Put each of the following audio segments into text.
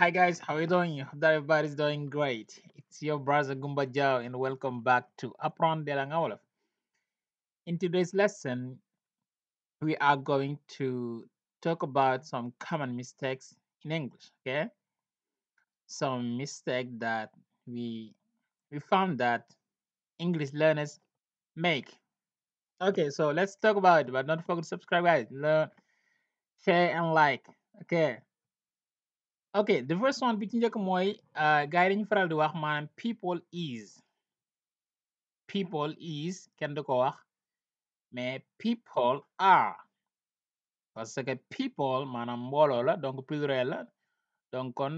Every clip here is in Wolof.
Hi guys, how are you doing? Hope that everybody's doing great. It's your brother Gumba Jao and welcome back to Apron de Langawolof. In today's lesson, we are going to talk about some common mistakes in English, okay? Some mistake that we we found that English learners make. Okay, so let's talk about it, but don't forget to subscribe guys, learn, share and like. Okay. ok the first one bi ci njëkk mooy ah, gars yi dañu faral di wax maan people is people is kenn du ko wax mais people are parce que people maanaam mbooloo la donc pluriel la donc kon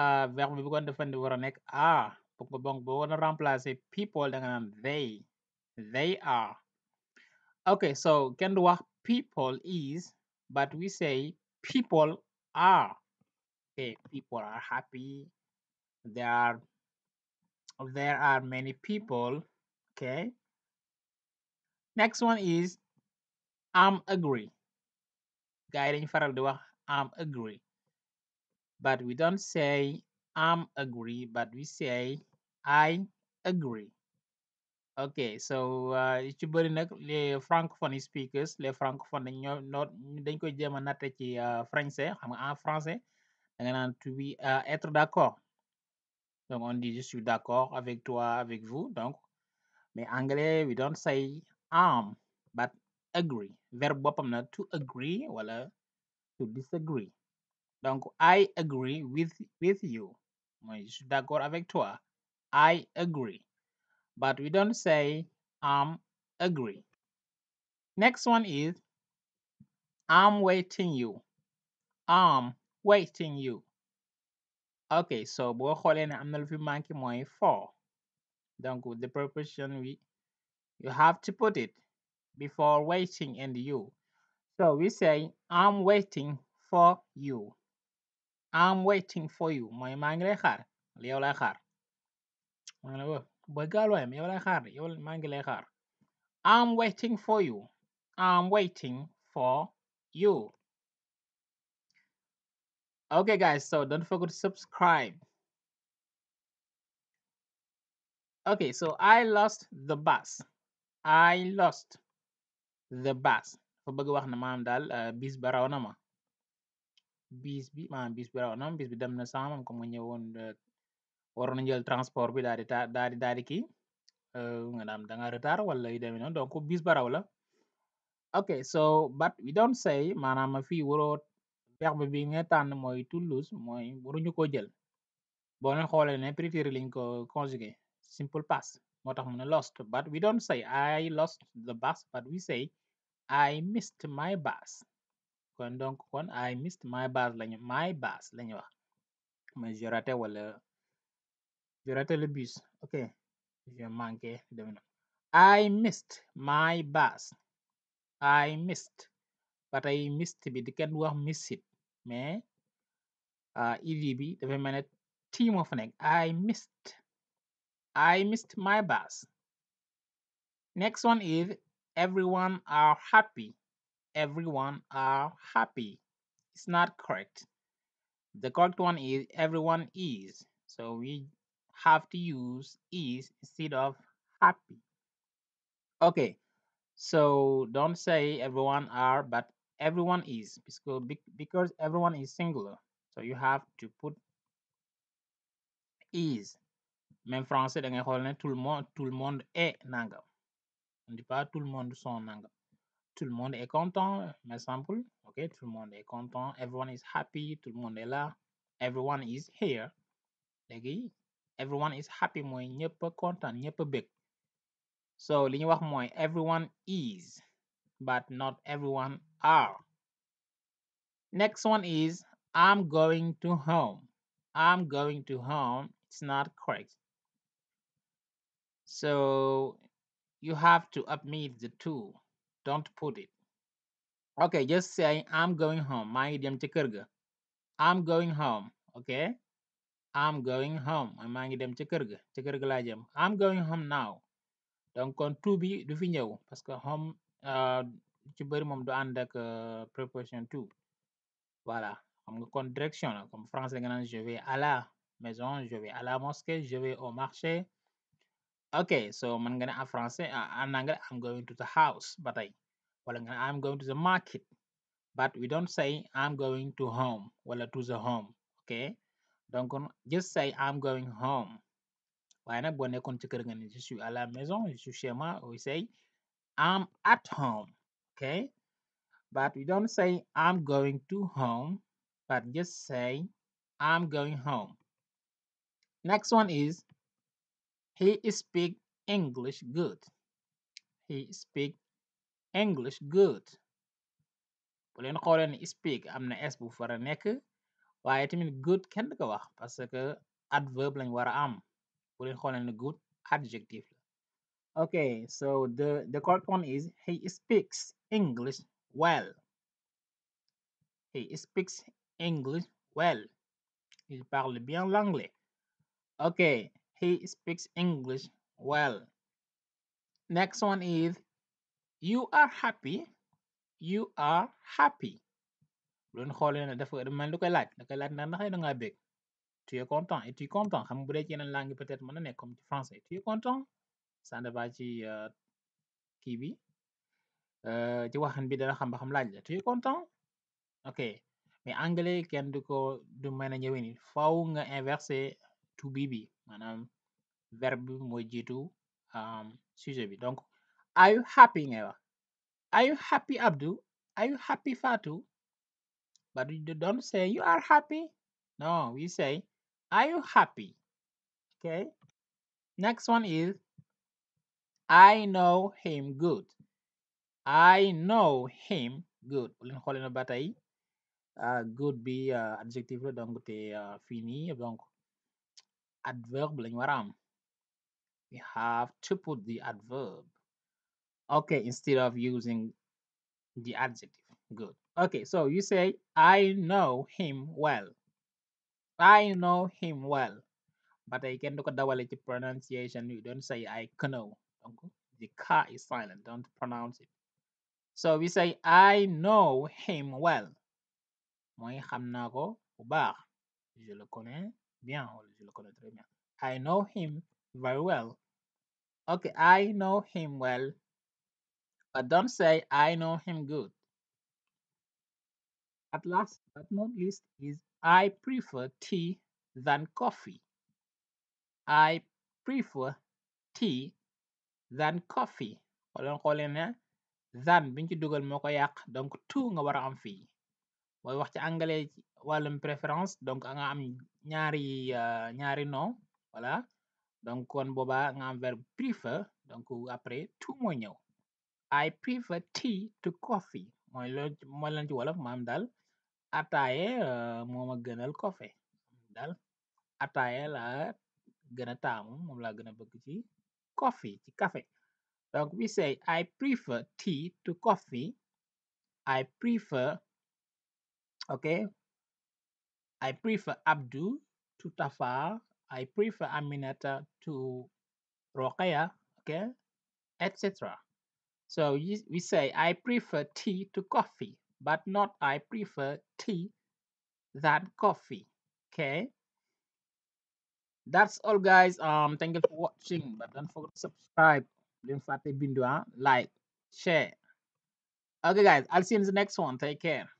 ah, verbe bi bu kon defandi war a nekk are donc boo war a remplacer people da nga naan they they are ok so kenn du wax people is but we say people are ah, okay people are happy there are many people next one is am agree gaa yi dañ faral di wax am agree but we don't say am agree but we say I agree ok so ah, ci bëri nag les francophones speakers les francophones dañ ñoo noo dañ koy jéem a natte ci ah, français xam nga en français da nga naan to be être d'accord donc on dit je suis d'accord avec toi avec vous donc mais anglais we don't say am but agree verbe boppam na to agree wala to disagree donc I agree with with you mooy je suis d'accord avec toi I agree but we don't say I'm agree. Next one is I'm waiting you. I'm waiting you. Okay, so boo xoolee ne am na lu fi mooy for. Donc with the preposition we you have to put it before waiting and you. So we say I'm waiting for you. I'm waiting for you. mooy maa ngi lay Bëgg Aloem maa ngi lay xaar. I'm waiting for you. I'm waiting for you. Okay, guys, so don't forget to subscribe. Okay, so I lost the bus. I lost the bus. fa bëgg wax na maam daal euh, bis ba raw na ma bis bi maam bis bi na ma bis bi dem na sama moom comme waroon nañ jël transport bi daal di ta daal di daal di kii euh, nga naam da nga retard wala yu demee noonu donc bis baraw la ok so but we don't say maanaam fii waroo verbe bi nga tànn mooy tout lose mooy waruñu ko jël boo leen xoolee ne prétéré lañ ko conjugué simple past moo tax mu ne lost but we don't say I lost the bus but we say I missed my bus kon donc kon I missed my bus lañu my bus lañu wax mais je wala You raté le bus. OK. J'ai manqué de I missed my bus. I missed. ba tey missed bi di kat wax miss it mais ah, vi bi dafay mel ne tii nekk I missed. I missed my bus. Next one is everyone are happy. Everyone are happy. It's not correct. The correct one is everyone is. So we have to use is instead of happy. Okay, so don't say everyone are, but everyone is because everyone is singular. So you have to put is. Même français da ngay xool ne tout le monde tout le monde est nangam. On tout le monde est content, tout le monde est content. Everyone is happy. Tout le monde est là. Everyone is here. everyone is happy mooy ñëpp a kontaan ñëpp a bég so li ñu wax mooy everyone is but not everyone are next one is I'm going to home I'm going to home it's not correct so you have to omit the two don't put it okay just say I'm going home maa ngi dem ci kër ga I'm going home okay am going home maa ngi dem ca kër ga ca kër ga laa jëm I'm going home now donc kon to bi du fi ñëw parce que home euh, ci bëri moom du ànd ak euh, préposition to voilà xam nga kon direction la comme français nga naan je vais à la maison je vais la mosquée je vais marché ok so man nga ne en français ah, en anglais I'm going to the house ba tey wala nga ne I'm going to the market but we don't say I'm going to home wala to the home ok donc kon just say I'm going home waaye nag boo nekkoon ci kër nga su je à la maison je suis chez moi we say I'm at home okay but we don't say I'm going to home but just say I'm going home next one is he speak English good he speak English good bu leen xoolee ne speak am na s bu fara nekk waaye tamit good kenn du ko wax parce que adverbe lañ war a am bu leen xoolee ne good adjective la ok so the the correct one is he speaks English well bien l'anglais ok he speaks English well next one is you are happy you are happy bu doon xoolee ne dafa mel lu koy laaj da koy laaj ndax ndax ngaa bég tu es content et tu content xam bu dee ci yeneen langue peut être mën na nekk comme ci français tu content ça ne va ci kii bi ci waxin bi dana xam ba laaj la tu es content ok mais anglais kenn du ko du mën a ñëwee ni nga inversé to be bi maanaam verbe bi mooy jiitu sujet bi donc are you happy ngay wax are you happy Abdou But you don't say you are happy. No, we say, are you happy? Okay. Next one is, I know him good. I know him good. bu leen xoolee na ba tey ah, good bi ah, adjectif la donc te ah, fii nii donc adverbe lañ war a have to put the adverb okay instead of using the adjective Good. Okay, so you say, I know him well. I know him well. ba tey kenn du ko dawale ci pronunciation you don't say I know donc the ka is don't say I know him well mooy xam naa ko bu baax je le connais bien bien I know him very well ok I know him well but don't say I know him good At last but not least is I prefer tea than coffee. I prefer tea than coffee. Xooleen xoolee ne than biñ ci dugal moo ko yàq donc tu nga war a am fii booy wax ci anglais wàllum préférence donc nga am ñaari euh, ñaari non voilà donc kon booba nga am verbe prefer donc après tu moo ñëw I prefer tea to coffee mooy loolu mooy lan ci maam daal Ataaye euh, a gënal kofe dal ataaye la gëna taamu moomla gëna bëgg ci kofi ci kafe dog we say I prefer tea to coffee I prefer okay I prefer Abdu to Tafa I prefer Aminata to Roqaya okay etc so we say I prefer tea to coffee but not I prefer tea than coffee. That's all guys. Um thank for watching. But don't forget to subscribe. Don't forget to ah. like, share. Okay guys, I'll see in the next one. Take care.